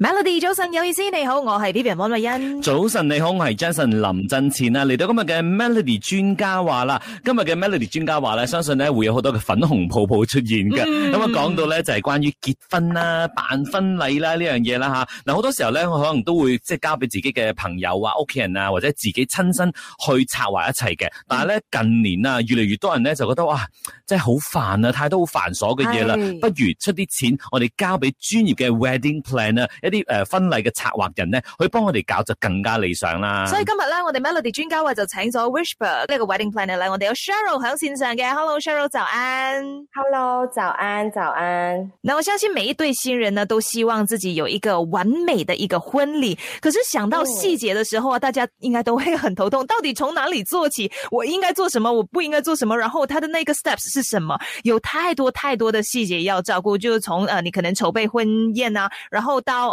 Melody 早晨，有意思你好，我係 Libian 汪麗欣。早晨你好，我係 Jason 林振前啊，嚟到今日嘅 Melody 專家話啦，今日嘅 Melody 專家話咧，相信咧會有好多嘅粉紅泡泡出現嘅。咁啊、嗯，講到咧就係、是、關於結婚啦、辦婚禮啦呢樣嘢啦吓。嗱、啊，好多時候咧，我可能都會即係交俾自己嘅朋友啊、屋企人啊或者自己親身去策劃一齊嘅。但係咧近年啊，越嚟越多人咧就覺得哇，即係好煩啊，太多好繁瑣嘅嘢啦，是不如出啲錢，我哋交俾專業嘅 Wedding Plan 啦、啊。一啲誒婚禮嘅策劃人呢，去幫我哋搞就更加理想啦。所以今日呢，我哋 melody 專家就請咗 Wishhper 呢個 Wedding Planner 嚟，我哋有 Cheryl 喺線上嘅。Hello Cheryl，早安。Hello，早安，早安。那我相信每一對新人呢，都希望自己有一個完美的一個婚禮。可是想到細節嘅時候啊，嗯、大家應該都會很頭痛。到底從哪裏做起？我應該做什麼？我不應該做什麼？然後他的那個 steps 是什麼？有太多太多的細節要照顧。就是、從誒、呃，你可能籌備婚宴啊，然後到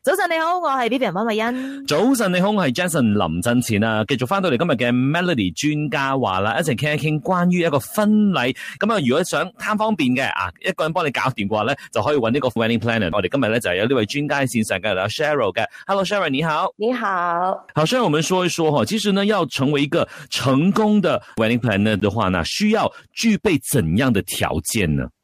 早晨你好，我係 Bibi 温慧欣。早晨你好，我係 Jason 林振前啊，繼續翻到嚟今日嘅 Melody 專家話啦，一齊傾一傾關於一個婚禮咁啊，如果想貪方便嘅啊，一個人幫你搞掂嘅話咧，就可以揾呢個 Wedding Planner。我哋今日咧就係有呢位專家喺線上嘅，有 Cheryl 嘅。Hello Cheryl，你好。你好。好，Cheryl，我們說一說嗬，其實呢要成為一個成功的 Wedding Planner 嘅話呢，呢需要具備怎樣的條件呢？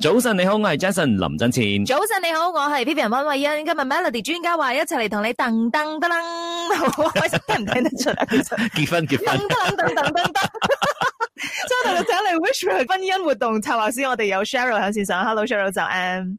早晨你好，我係 Jason 林振千。早晨你好，我係 P P 人温慧欣。今日 Melody 專家話一齊嚟同你噔噔噔。楞，好開心聽唔聽得出啊？結婚結婚噔噔噔噔噔。楞得，今日就請你 Wishhper 婚姻活動策劃師，我哋有 Cheryl 響線上，Hello Cheryl 就安。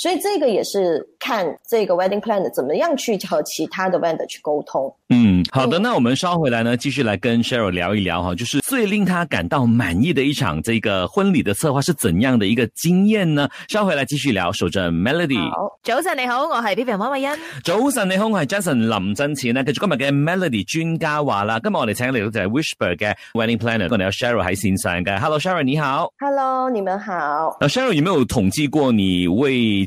所以這個也是看這個 wedding planner 怎麼樣去和其他的 vendor 去溝通。嗯，好的，嗯、那我們稍回來呢，繼續來跟 Cheryl 聊一聊哈，就是最令他感到滿意的一場這個婚禮的策劃是怎樣的一個經驗呢？稍回來繼續聊。守着 Melody，好，早晨你好，我係 B B Y 黃慧欣。早晨你好，我係 Jason 林真琪。呢跟住今日嘅 Melody 君家話啦，今日我哋請嚟到就係 Wishhper 的 wedding planner，我哋要 Cheryl 系先生 Hello Cheryl 你好。Hello，你們好。Cheryl 有冇有統計過你為